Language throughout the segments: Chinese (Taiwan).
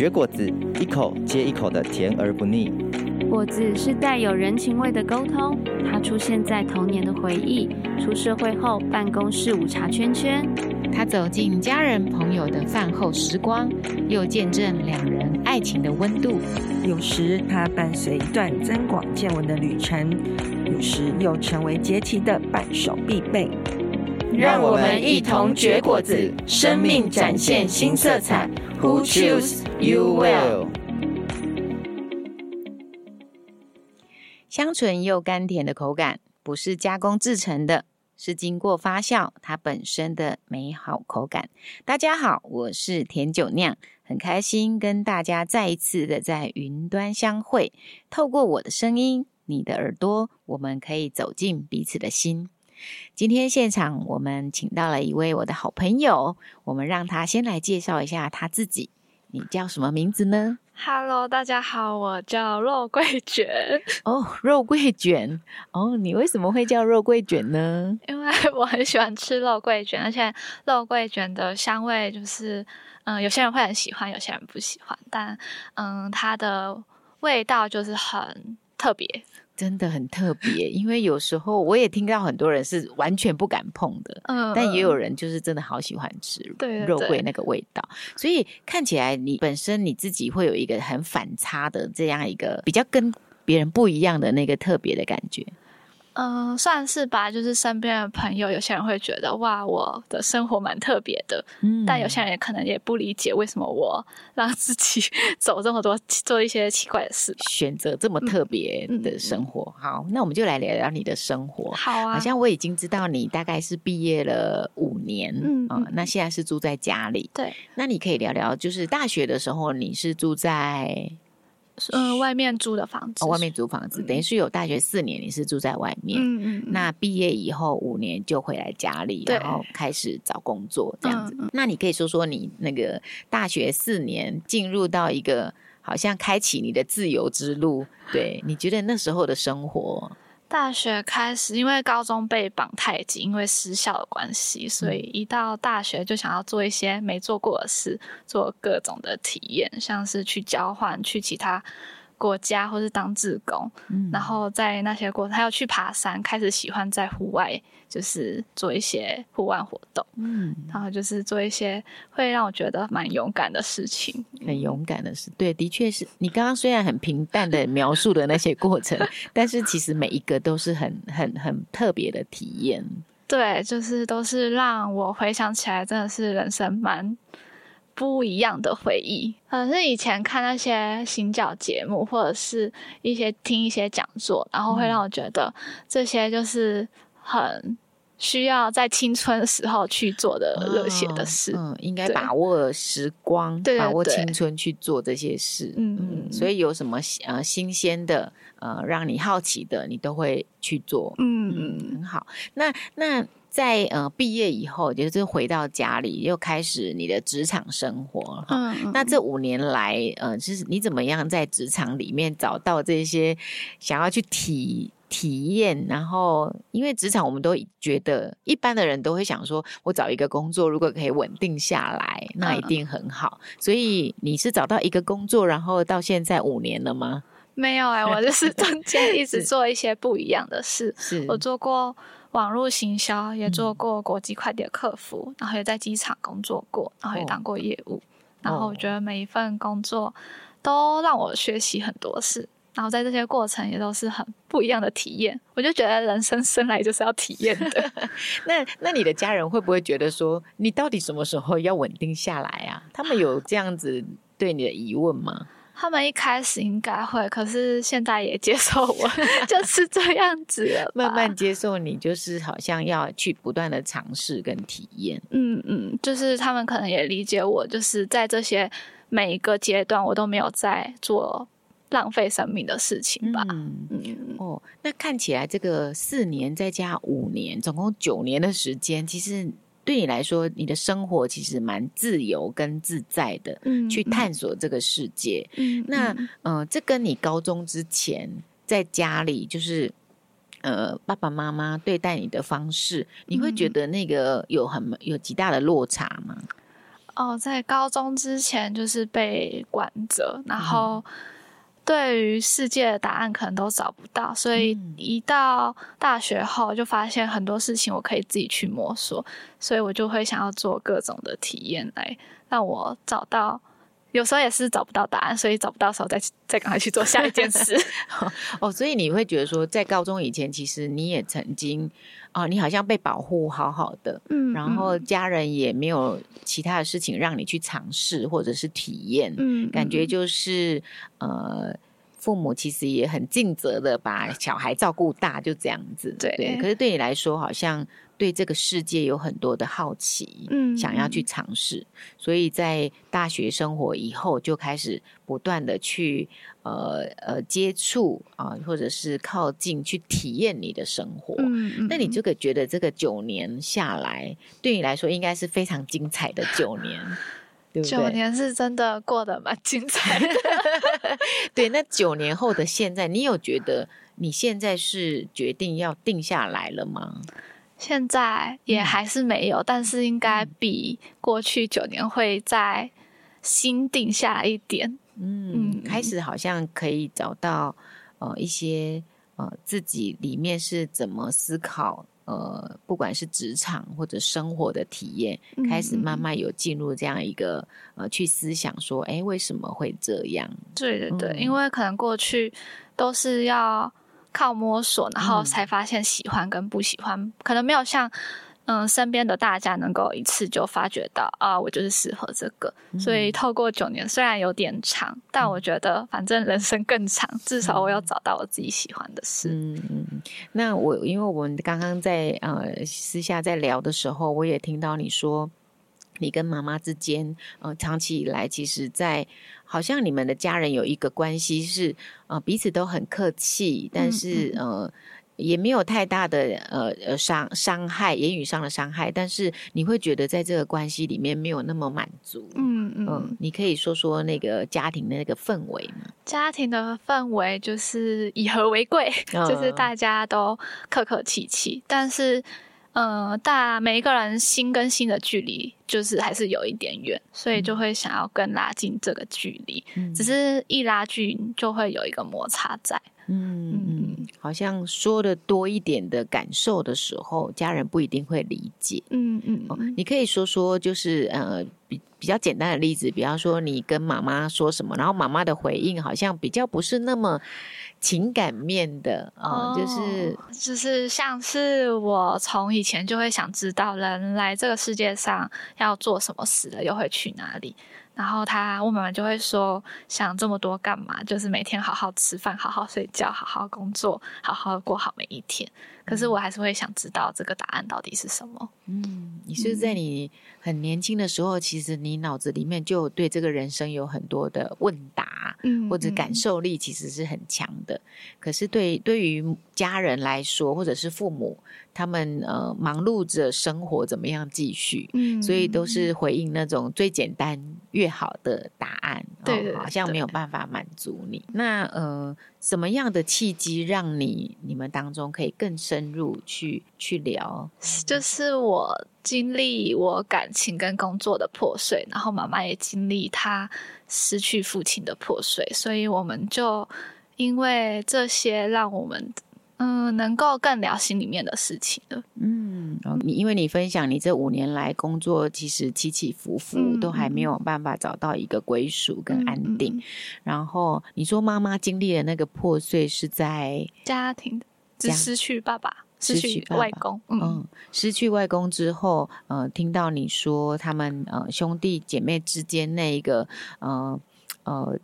嚼果子，一口接一口的甜而不膩。果子是帶有人情味的溝通，它出現在童年的回憶，出社會後辦公室午茶圈圈，它走進家人朋友的飯後時光，又見證兩人愛情的溫度。有時它伴隨一段增廣見聞的旅程，有時又成為節氣的伴手必備。讓我們一同結果子，生命展現新色彩。Who choose you well？香醇又甘甜的口感，不是加工製成的，是經過發酵，它本身的美好口感。大家好，我是甜酒釀，很開心跟大家再一次的在雲端相會。透過我的聲音，你的耳朵，我們可以走進彼此的心。今天現場我們請到了一位我的好朋友，我們讓他先來介紹一下他自己。你叫什麼名字呢？Hello，大家好，我叫肉桂捲。哦，oh，肉桂捲。哦，oh，你為什麼會叫肉桂捲呢？因為我很喜歡吃肉桂捲，而且肉桂捲的香味就是，嗯，有些人會很喜歡，有些人不喜歡，但嗯，它的味道就是很特別。真的很特別，因為有時候我也聽到很多人是完全不敢碰的，嗯，但也有人就是真的好喜歡吃肉桂那個味道。對對對，所以看起來你本身你自己會有一個很反差的這樣一個比較跟別人不一樣的那個特別的感覺。嗯，算是吧。就是身邊的朋友，有些人會覺得哇，我的生活蠻特別的。嗯，但有些人也可能也不理解為什麼我讓自己走這麼多，做一些奇怪的事，選擇這麼特別的生活。嗯嗯嗯，好，那我們就來聊聊你的生活。好啊。好像我已經知道你大概是畢業了五年，嗯，嗯，嗯，那現在是住在家裡。對。那你可以聊聊，就是大學的時候你是住在。嗯，外面租的房子，哦、外面租房子，嗯、等於是有大學四年你是住在外面，嗯嗯，嗯嗯，那畢業以後五年就回來家裡，對然後開始找工作這樣子。嗯嗯、那你可以說說你那個大學四年進入到一個好像開啟你的自由之路，對你覺得那時候的生活？大學開始，因為高中被綁太緊，因為失效的關係，所以一到大學就想要做一些沒做過的事，做各種的體驗，像是去交換，去其他。國家，或是當志工，嗯、然後在那些過，他要去爬山，開始喜歡在戶外，就是做一些戶外活動，嗯、然後就是做一些會讓我覺得蠻勇敢的事情，很勇敢的事。對，的確是你剛剛雖然很平淡的描述了那些過程， 但是其實每一個都是很、很、很特別的體驗。對，就是都是讓我回想起來，真的是人生蠻。不一樣的回憶，可是以前看那些行腳節目，或者是一些聽一些講座，然後會讓我覺得這些就是很需要在青春時候去做的熱血的事。嗯，嗯，應該把握時光，對對把握青春去做這些事。對嗯，所以有什麼呃新鮮的呃讓你好奇的，你都會去做。嗯嗯，好，那那。在呃畢業以後，就是回到家裡，又開始你的職場生活。嗯嗯。那這五年來，呃，其實你怎麼樣在職場裡面找到這些想要去體體驗？然後，因為職場，我們都覺得一般的人都會想說，我找一個工作，如果可以穩定下來，那一定很好。嗯。所以你是找到一個工作，然後到現在五年了嗎？沒有哎、欸，我就是中間一直做一些不一樣的事。是。是。我做過，網絡行銷也做過國際快遞客服，嗯、然後也在機場工作過，哦、然後也當過業務。哦、然後我覺得每一份工作都讓我學習很多事，然後在這些過程也都是很不一樣的體驗。我就覺得人生生來就是要體驗的。 那那你的家人會不會覺得說，你到底什麼時候要穩定下來啊？ 他們有這樣子對你的疑問嗎？他們一開始應該會，可是現在也接受我， 就是這樣子吧 慢慢接受你，就是好像要去不斷的嘗試跟體驗。嗯嗯，就是他們可能也理解我，就是在這些每一個階段，我都沒有在做浪費生命的事情吧。嗯嗯。嗯哦，那看起來這個四年再加五年，總共九年的時間，其實。對你來說，你的生活其實蠻自由跟自在的，嗯嗯、去探索這個世界。嗯嗯、那，呃，這跟你高中之前在家裡，就是呃，爸爸媽媽對待你的方式，嗯、你會覺得那個有很有極大的落差嗎？哦，在高中之前就是被管着，然後。嗯哼對於世界的答案可能都找不到，所以一到大學後就發現很多事情我可以自己去摸索，所以我就會想要做各種的體驗來讓我找到。有時候也是找不到答案，所以找不到時候再去再趕快去做下一件事。 哦，所以你會覺得說，在高中以前，其實你也曾經啊、呃，你好像被保護好好的，嗯，嗯，然後家人也沒有其他的事情讓你去嘗試或者是體驗，嗯，嗯，感覺就是呃，父母其實也很盡責的把小孩照顧大，就這樣子，對對。可是對你來說，好像。對這個世界有很多的好奇，嗯,嗯，想要去嘗試，所以在大學生活以後就開始不斷的去呃呃接觸啊、呃，或者是靠近去體驗你的生活。嗯,嗯,嗯，那你這個覺得這個九年下來，對你來說應該是非常精彩的九年， 對不對？九年是真的過得蠻精彩的。 對，那九年後的現在，你有覺得你現在是決定要定下來了嗎？現在也還是沒有，嗯、但是應該比過去九年會再新定下來一點。嗯，開始好像可以找到呃一些呃自己裡面是怎麼思考呃，不管是職場或者生活的體驗，嗯、開始慢慢有進入這樣一個呃去思想說，哎、欸，為什麼會這樣？對對對，嗯、因為可能過去都是要。靠摸索，然後才發現喜歡跟不喜歡，嗯、可能沒有像嗯身邊的大家能夠一次就發覺到啊，我就是適合這個。嗯、所以透過九年，雖然有點長，嗯、但我覺得反正人生更長，至少我有找到我自己喜歡的事。嗯嗯嗯。那我因為我們剛剛在呃私下在聊的時候，我也聽到你說。你跟媽媽之間，呃，長期以來，其實在好像你們的家人有一個關係是，呃彼此都很客氣，但是嗯嗯呃，也沒有太大的呃傷傷害，言語上的傷害，但是你會覺得在這個關係裡面沒有那麼滿足，嗯嗯、呃，你可以說說那個家庭的那個氛圍嗎？家庭的氛圍就是以和為貴，嗯、就是大家都客客氣氣，但是，呃，大每一個人心跟心的距離。就是還是有一點遠，所以就會想要更拉近這個距離。嗯、只是一拉近就會有一個摩擦在。嗯，嗯，嗯好像說的多一點的感受的時候，家人不一定會理解。嗯嗯，哦、嗯你可以說說，就是呃比，比較簡單的例子，比方說你跟媽媽說什麼，然後媽媽的回應好像比較不是那麼情感面的啊，就、哦、是、哦、就是像是我從以前就會想知道，人來這個世界上，要做什麼事了，又會去哪裡？然後他，我媽媽就會說：想這麼多幹嘛？就是每天好好吃飯，好好睡覺，好好工作，好好過好每一天。可是我還是會想知道這個答案到底是什麼。嗯，你是不是在你很年輕的時候，嗯、其實你腦子裡面就對這個人生有很多的問答，嗯，嗯或者感受力其實是很強的。可是對對於家人來說，或者是父母，他們呃忙碌着生活，怎麼樣繼續？嗯，所以都是回應那種最簡單、越好的答案。嗯哦、對，好像沒有辦法滿足你。對那呃，什麼樣的契機讓你你們當中可以更？深入去去聊，就是我經歷我感情跟工作的破碎，然後媽媽也經歷她失去父親的破碎，所以我們就因為這些，讓我們嗯能夠更聊心裡面的事情了。嗯，你因為你分享你這五年來工作其實起起伏伏，嗯、都還沒有辦法找到一個歸屬跟安定。嗯嗯、然後你說媽媽經歷的那個破碎是在家庭的。失去爸爸，失去外公。嗯，嗯，失去外公之後，呃，聽到你說他們呃兄弟姐妹之間那一個呃呃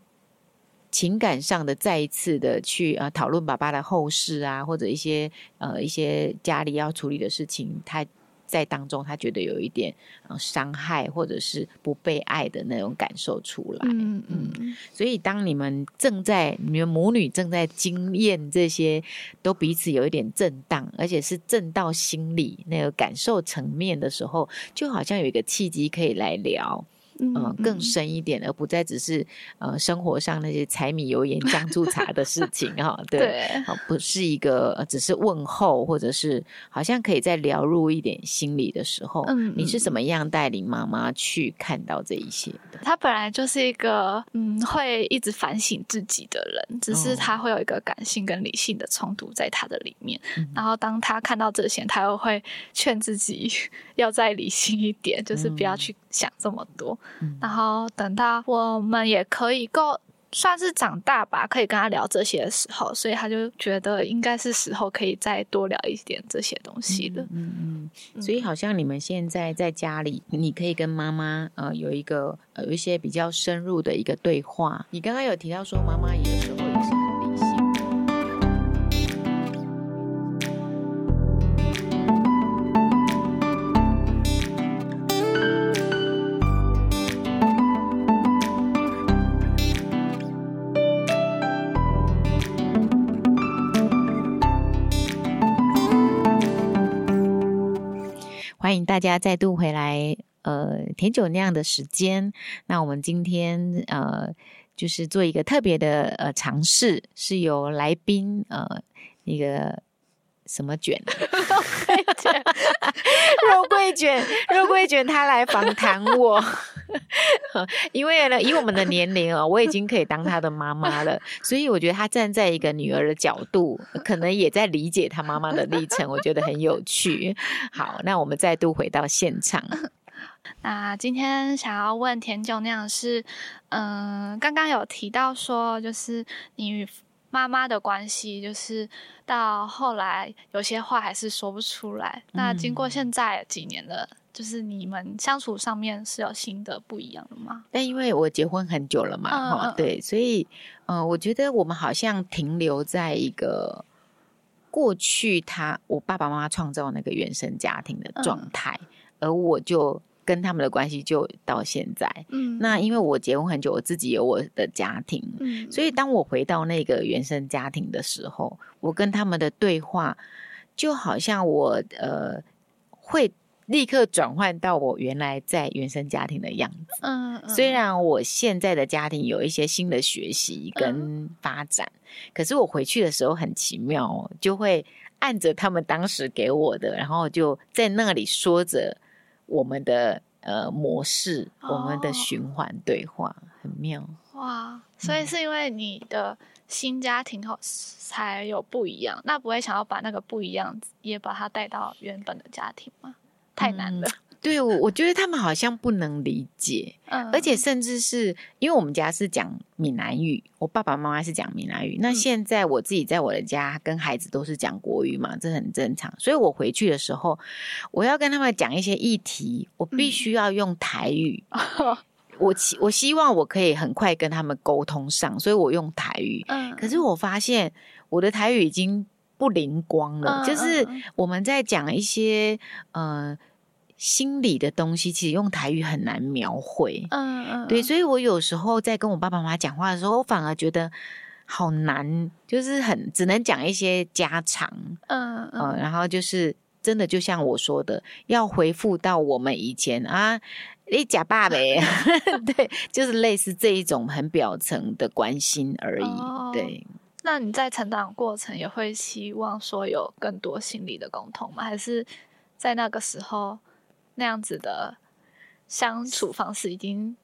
情感上的再一次的去呃討論爸爸的後事啊，或者一些呃一些家裡要處理的事情，他。在當中，他覺得有一點傷害，或者是不被愛的那種感受出來。嗯嗯，所以當你們正在你們母女正在經驗這些，都彼此有一點震盪，而且是震到心裡那個感受層面的時候，就好像有一個契機可以來聊。嗯，更深一點，而不再只是呃，生活上那些柴米油鹽醬醋 茶的事情哈、哦，對，對、哦，不是一個只是問候，或者是好像可以再聊入一點心理的時候。嗯，你是怎麼樣帶領媽媽去看到這一些的？她本來就是一個嗯，會一直反省自己的人，只是她會有一個感性跟理性的衝突在她的裡面。嗯、然後當她看到這些，她又會勸自己要再理性一點，就是不要去。想這麼多，嗯、然後等到我們也可以夠算是長大吧，可以跟他聊這些的時候，所以他就覺得應該是時候可以再多聊一點這些東西的、嗯。嗯，嗯，所以好像你們現在在家裡，嗯、你可以跟媽媽呃有一個呃有一些比較深入的一個對話。你剛剛有提到說媽媽也有時候大家再度回來，呃，甜酒釀的時間，那我們今天呃，就是做一個特別的呃嘗試，是由來賓呃，一個什麼卷，肉桂卷，肉桂卷他來訪談我。 因為呢，以我們的年齡哦、喔， 我已經可以當他的媽媽了，所以我覺得他站在一個女兒的角度，可能也在理解他媽媽的歷程，我覺得很有趣。好，那我們再度回到現場。 那今天想要問甜酒釀，是、呃、嗯，剛剛有提到說，就是你與媽媽的關係，就是到後來有些話還是說不出來。嗯、那經過現在幾年了？就是你們相處上面是有新的不一樣的嗎？但因為我結婚很久了嘛，嗯，對，所以，呃，我覺得我們好像停留在一個過去他我爸爸媽媽創造那個原生家庭的狀態，嗯，而我就跟他們的關係就到現在。嗯，那因為我結婚很久，我自己有我的家庭，嗯，所以當我回到那個原生家庭的時候，我跟他們的對話就好像我呃會。立刻轉換到我原來在原生家庭的樣子。嗯，嗯。雖然我現在的家庭有一些新的學習跟發展，嗯、可是我回去的時候很奇妙哦，就會按着他們當時給我的，然後就在那裡說着我們的呃模式，哦、我們的循環對話，很妙。哇！所以是因為你的新家庭後才有不一樣，嗯、那不會想要把那個不一樣也把它帶到原本的家庭嗎？太難了，嗯、對我，我覺得他們好像不能理解，嗯、而且甚至是，因為我們家是講閩南語，我爸爸媽媽是講閩南語，那現在我自己在我的家跟孩子都是講國語嘛，嗯、這很正常。所以我回去的時候，我要跟他們講一些議題，我必須要用台語。嗯、我希我希望我可以很快跟他們溝通上，所以我用台語。嗯、可是我發現我的台語已經不靈光了，嗯、就是我們在講一些、嗯、呃心理的東西，其實用台語很難描繪。嗯嗯，對，所以我有時候在跟我爸爸媽媽講話的時候，我反而覺得好難，就是很只能講一些家常。嗯嗯、呃，然後就是真的，就像我說的，要回復到我們以前啊，你呷飽未， 對，就是類似這一種很表層的關心而已，哦、對。那你在成長過程也會希望說有更多心理的溝通嗎？還是在那個時候那樣子的相處方式已經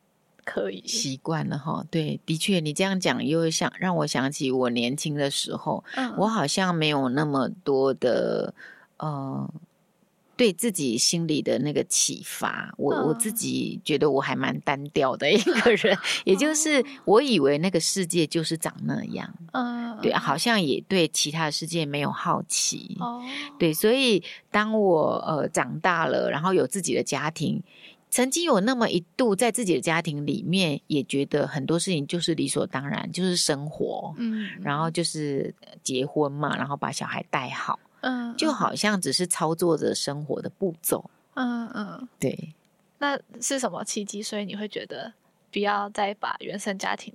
可以習慣了哈？對，的確，你這樣講又想讓我想起我年輕的時候，嗯、我好像沒有那麼多的嗯。呃對自己心裡的那個啟發，我、嗯、我自己覺得我還蠻單調的一個人，也就是我以為那個世界就是長那樣，嗯，對，好像也對其他的世界沒有好奇，哦、嗯，對，所以當我呃長大了，然後有自己的家庭，曾經有那麼一度在自己的家庭裡面，也覺得很多事情就是理所當然，就是生活，嗯，然後就是結婚嘛，然後把小孩帶好。嗯，嗯，就好像只是操作着生活的步驟，嗯。嗯嗯，對。那是什麼契機？所以你會覺得不要再把原生家庭，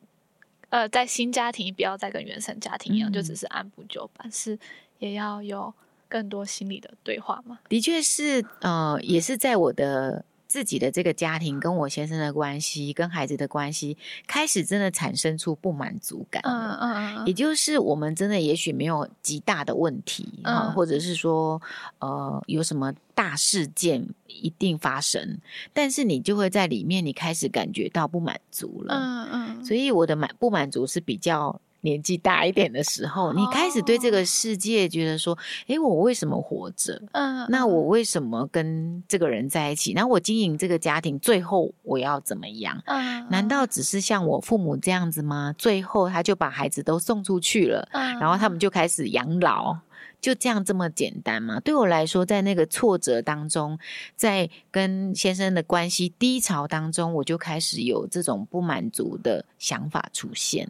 呃，在新家庭不要再跟原生家庭一樣，嗯，就只是按部就班，是也要有更多心理的對話嗎？的確是，呃，也是在我的。嗯自己的這個家庭跟我先生的關係，跟孩子的關係，開始真的產生出不滿足感。嗯嗯嗯，也就是我們真的也許沒有極大的問題，嗯，uh, 或者是說呃有什麼大事件一定發生，但是你就會在裡面，你開始感覺到不滿足了。嗯嗯，所以我的滿不滿足是比較。年紀大一點的時候，你開始對這個世界覺得說：“哎、oh. 欸，我為什麼活着？嗯，uh. 那我為什麼跟這個人在一起？然後我經營這個家庭，最後我要怎麼樣？Uh. 難道只是像我父母這樣子嗎？最後他就把孩子都送出去了，uh. 然後他們就開始養老。”就這樣這麼簡單嘛？對我來說，在那個挫折當中，在跟先生的關係低潮當中，我就開始有這種不滿足的想法出現。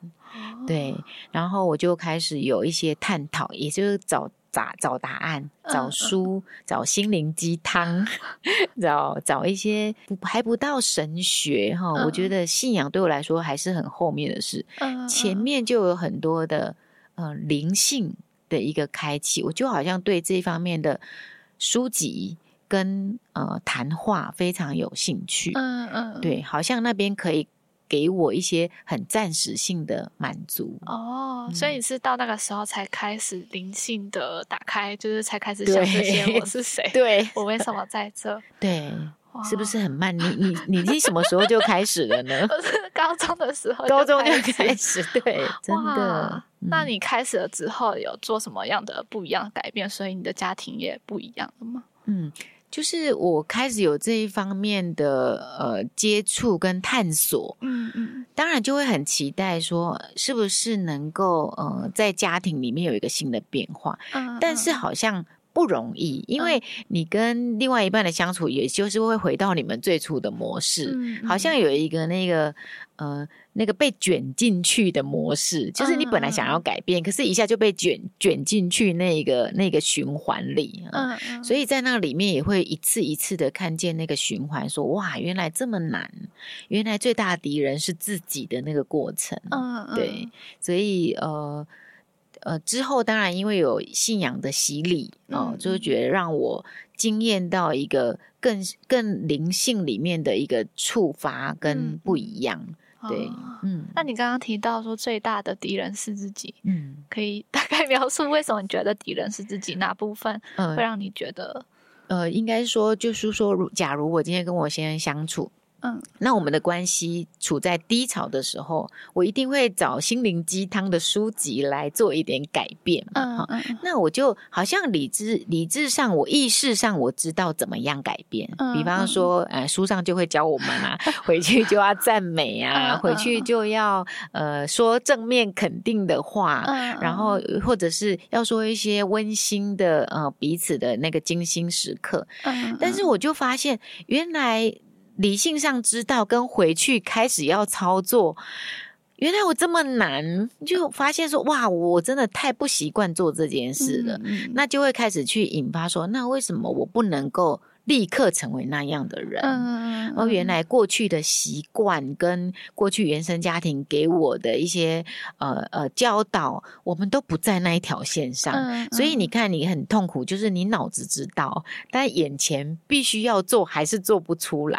對，然後我就開始有一些探討，也就是找找找答案、找書、找心靈雞湯，找找一些不還不到神學哈。我覺得信仰對我來說還是很後面的事，前面就有很多的呃靈性。的一個開啟，我就好像對這一方面的書籍跟呃談話非常有興趣，嗯嗯，嗯對，好像那邊可以給我一些很暫時性的滿足。哦，所以你是到那個時候才開始靈性的打開，嗯、就是才開始想這些我是誰？對，我為什麼在這？對。哇是不是很慢？你你你你什麼時候就開始了呢？ 高中的時候，高中就開始，對，真的。哇嗯、那你開始了之後，有做什麼樣的不一樣改變？所以你的家庭也不一樣了嗎？嗯，就是我開始有這一方面的呃接觸跟探索，嗯嗯，當然就會很期待說，是不是能夠呃在家庭裡面有一個新的變化？嗯嗯，但是好像。不容易，因為你跟另外一半的相處，也就是會回到你們最初的模式，嗯、好像有一個那個呃那個被捲進去的模式，嗯、就是你本來想要改變，嗯、可是一下就被捲捲進去那個那個循環裡。嗯嗯、所以在那裡面也會一次一次的看見那個循環，說哇，原來這麼難，原來最大敵人是自己的那個過程。嗯、對，所以呃。呃，之後當然因為有信仰的洗禮、嗯、哦，就會覺得讓我驚艷到一個更更靈性裡面的一個觸發跟不一樣。嗯、對，啊、嗯，那你剛剛提到說最大的敵人是自己，嗯，可以大概描述為什麼你覺得敵人是自己哪部分？嗯、呃，會讓你覺得，呃，應該說就是說，如假如我今天跟我先生相處。那我們的關係處在低潮的時候，我一定會找心靈雞湯的書籍來做一點改變嗯。嗯，那我就好像理智理智上我，我意識上我知道怎麼樣改變。嗯嗯、比方說，呃，書上就會教我們啊，嗯、回去就要讚美啊，嗯嗯、回去就要呃說正面肯定的話，嗯嗯、然後或者是要說一些溫馨的呃彼此的那個精心時刻。嗯，嗯但是我就發現原來。理性上知道跟回去開始要操作，原來我這麼難，就發現說哇，我真的太不習慣做這件事了，嗯嗯，那就會開始去引發說，那為什麼我不能夠？立刻成為那樣的人，而原來過去的習慣跟過去原生家庭給我的一些呃呃教導，我們都不在那一條線上，所以你看你很痛苦，就是你腦子知道，但眼前必須要做還是做不出來，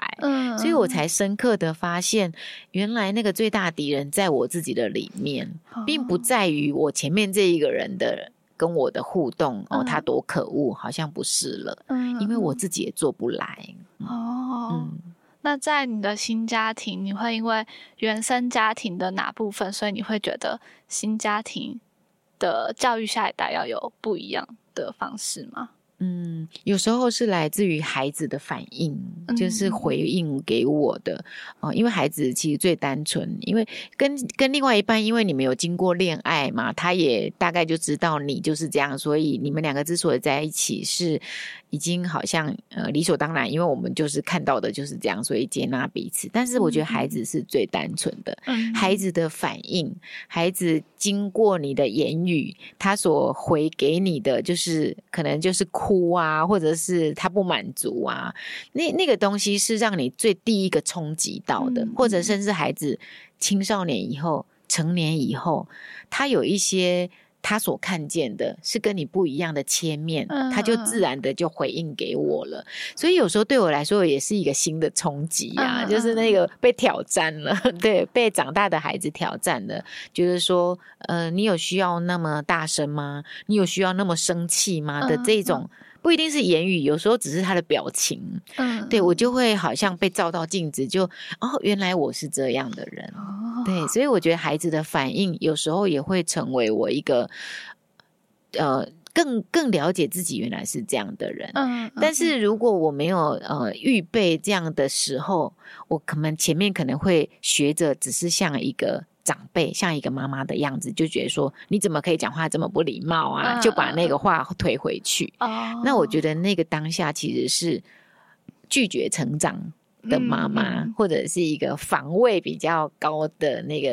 所以我才深刻的發現，原來那個最大敵人在我自己的裡面，並不在於我前面這一個人的。跟我的互動哦，他多可惡，嗯、好像不是了。嗯，因為我自己也做不來。嗯、哦，嗯，那在你的新家庭，你會因為原生家庭的哪部分，所以你會覺得新家庭的教育下一代要有不一樣的方式嗎？嗯，有時候是來自於孩子的反應，嗯、就是回應給我的哦、呃，因為孩子其實最單純，因為跟跟另外一半，因為你們有經過戀愛嘛，他也大概就知道你就是這樣，所以你們兩個之所以在一起，是已經好像呃理所當然，因為我們就是看到的就是這樣，所以接納彼此。但是我覺得孩子是最單純的，嗯、孩子的反應，孩子經過你的言語，他所回給你的，就是可能就是哭。哭啊，或者是他不滿足啊，那那個東西是讓你最第一個衝擊到的，或者甚至孩子青少年以後、成年以後，他有一些。他所看見的是跟你不一樣的切面，嗯嗯，他就自然的就回應給我了。所以有時候對我來說也是一個新的衝擊啊，嗯嗯，就是那個被挑戰了，嗯嗯，對，被長大的孩子挑戰了，就是說，呃，你有需要那麼大聲嗎？你有需要那麼生氣嗎？的這種不一定是言語，有時候只是他的表情。嗯，嗯對，對我就會好像被照到鏡子，就哦，原來我是這樣的人。對，所以我覺得孩子的反應有時候也會成為我一個呃更更了解自己原來是這樣的人。嗯，嗯但是如果我沒有呃預備這樣的時候，我可能前面可能會學着只是像一個長輩，像一個媽媽的樣子，就覺得說你怎麼可以講話這麼不禮貌啊？嗯，就把那個話推回去。哦，嗯，嗯，那我覺得那個當下其實是拒絕成長的媽媽，嗯嗯、或者是一個防衛比較高的那個，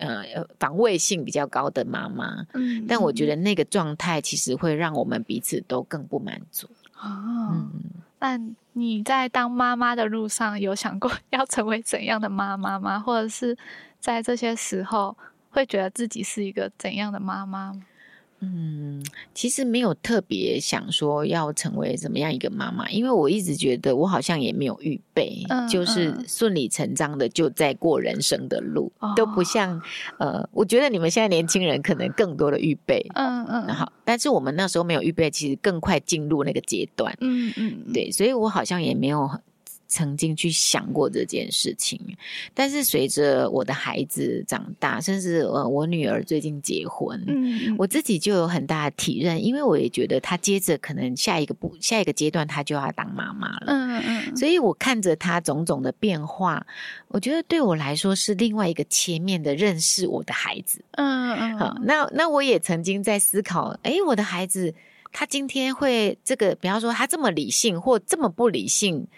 呃，防衛性比較高的媽媽、嗯。嗯，但我覺得那個狀態其實會讓我們彼此都更不滿足、哦、嗯，那你在當媽媽的路上有想過要成為怎樣的媽媽嗎？或者是在這些時候會覺得自己是一個怎樣的媽媽嗎？嗯，其實沒有特別想說要成為怎麼樣一個媽媽，因為我一直覺得我好像也沒有預備，嗯、就是順理成章的就在過人生的路，哦、都不像呃，我覺得你們現在年輕人可能更多的預備，嗯嗯，好、嗯，但是我們那時候沒有預備，其實更快進入那個階段，嗯嗯，嗯對，所以我好像也沒有。曾經去想過這件事情，但是隨着我的孩子長大，甚至，呃，我女兒最近結婚，嗯，我自己就有很大的體認，因為我也覺得她接着可能下一個不下一個階段，她就要當媽媽了，嗯嗯，所以我看着她種種的變化，我覺得對我來說是另外一個切面的認識我的孩子，嗯，嗯，好，那那我也曾經在思考，哎，欸，我的孩子他今天會這個，比方說他這麼理性或這麼不理性。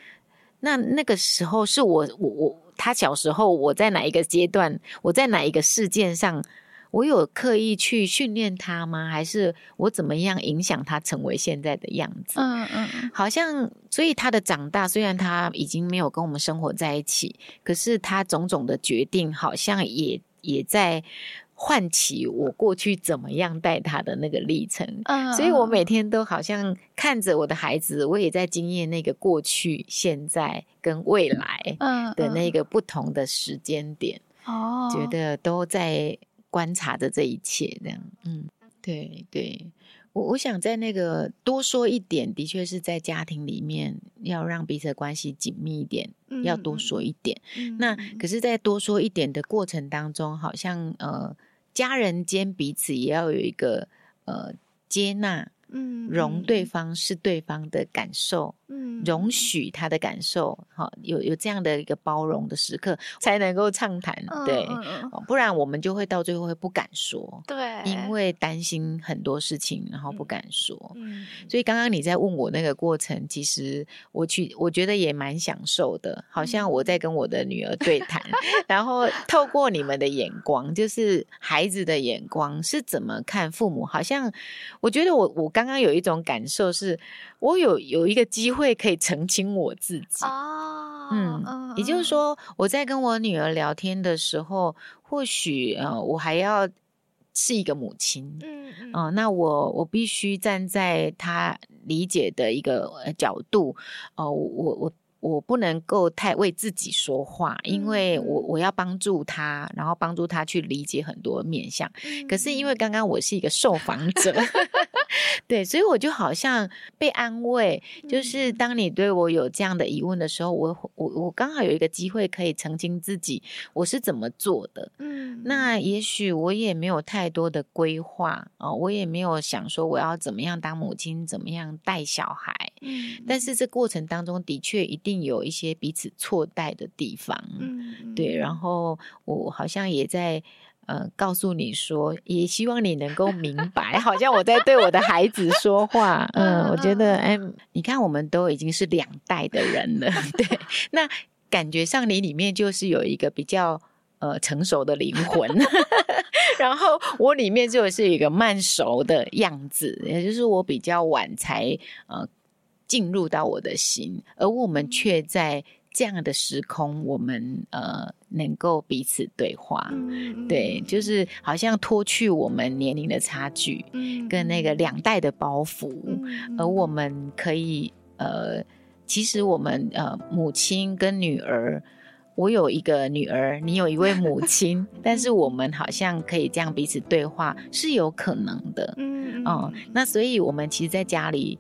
那那個時候是我我我他小時候我在哪一個階段，我在哪一個事件上我有刻意去訓練他嗎？還是我怎麼樣影響他成為現在的樣子？嗯嗯，嗯，好像所以他的長大，雖然他已經沒有跟我們生活在一起，可是他種種的決定好像也也在。喚起我過去怎麼樣帶他的那個歷程，嗯、所以我每天都好像看着我的孩子，我也在經驗那個過去、現在跟未來的那個不同的時間點，嗯嗯、覺得都在觀察着這一切這樣、嗯，對對，我我想在那個多說一點，的確是在家庭裡面要讓彼此關係緊密一點，嗯、要多說一點，嗯、那、嗯、可是，在多說一點的過程當中，好像呃。家人間彼此也要有一個，呃，接納，嗯，容對方，是對方的感受。嗯嗯嗯，容許他的感受，哈、嗯哦，有有這樣的一個包容的時刻，才能夠暢談，嗯、對、嗯哦，不然我們就會到最後會不敢說，對，因為擔心很多事情，然後不敢說，嗯、所以剛剛你在問我那個過程，其實我去我覺得也蠻享受的，好像我在跟我的女兒對談，嗯、然後透過你們的眼光， 就是孩子的眼光是怎麼看父母？好像我覺得我我剛剛有一種感受是，是我有有一個機會。會可以澄清我自己，哦、嗯，嗯，也就是說，嗯、我在跟我女兒聊天的時候，或許呃，我還要是一個母親，嗯、呃，那我我必須站在她理解的一個角度，哦、呃，我我。我不能夠太為自己說話，因為我我要幫助他，然後幫助他去理解很多的面向。嗯、可是因為剛剛我是一個受訪者， 對，所以我就好像被安慰。嗯、就是當你對我有這樣的疑問的時候，我我我剛好有一個機會可以澄清自己我是怎麼做的。嗯，那也許我也沒有太多的規劃、呃、我也沒有想說我要怎麼樣當母親，怎麼樣帶小孩。嗯，但是這過程當中的確一定。一定有一些彼此錯待的地方，嗯，嗯，對。然後我好像也在呃告訴你說，也希望你能夠明白， 好像我在對我的孩子說話。嗯、 呃，我覺得，哎，你看，我們都已經是兩代的人了， 對。那感覺上，你裡面就是有一個比較呃成熟的靈魂， 然後我裡面就是一個慢熟的樣子，也就是我比較晚才呃。進入到我的心，而我們卻在這樣的時空，我們呃能夠彼此對話，嗯嗯、對，就是好像脫去我們年齡的差距，嗯、跟那個兩代的包袱，嗯嗯、而我們可以呃，其實我們呃母親跟女兒，我有一個女兒，你有一位母親，嗯、但是我們好像可以這樣彼此對話，是有可能的，嗯，哦、嗯嗯，那所以我們其實，在家裡。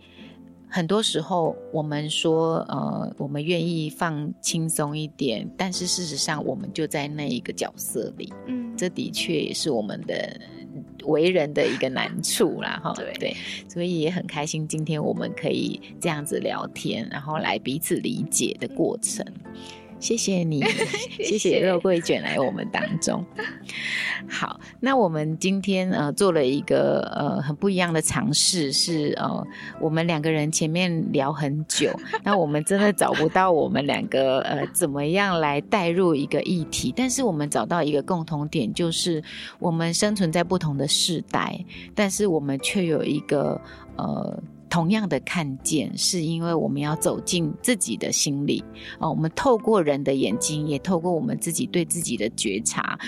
很多時候，我們說，呃，我們願意放輕鬆一點，但是事實上，我們就在那一個角色裡。嗯，這的確也是我們的為人的一個難處啦。啊、哈，對，對，所以也很開心，今天我們可以這樣子聊天，然後來彼此理解的過程。嗯。謝謝你，謝謝肉桂卷來我們當中。 好，那我們今天呃做了一個呃很不一樣的嘗試，是呃我們兩個人前面聊很久， 那我們真的找不到我們兩個呃怎麼樣來帶入一個議題，但是我們找到一個共同點，就是我們生存在不同的世代，但是我們卻有一個呃。同樣的看見，是因為我們要走進自己的心裡啊。我們透過人的眼睛，也透過我們自己對自己的覺察，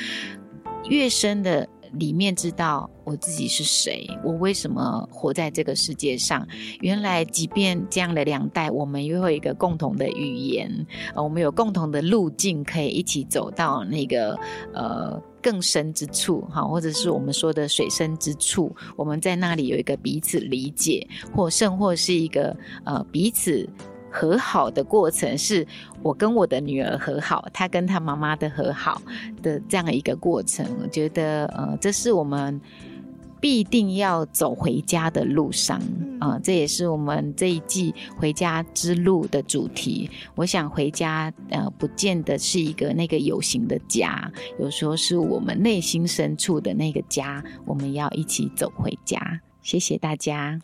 越深的。裡面知道我自己是誰，我為什麼活在這個世界上？原來，即便這樣的兩代，我們又有一個共同的語言，呃，我們有共同的路徑，可以一起走到那個呃更深之處，哈，或者是我們說的水深之處。我們在那裡有一個彼此理解，或甚或是一個呃彼此。和好的過程是我跟我的女兒和好，她跟她媽媽的和好的這樣一個過程。我覺得，呃，這是我們必定要走回家的路上啊，呃，這也是我們這一季回家之路的主題。我想回家，呃，不見得是一個那個有形的家，有時候是我們內心深處的那個家。我們要一起走回家。謝謝大家。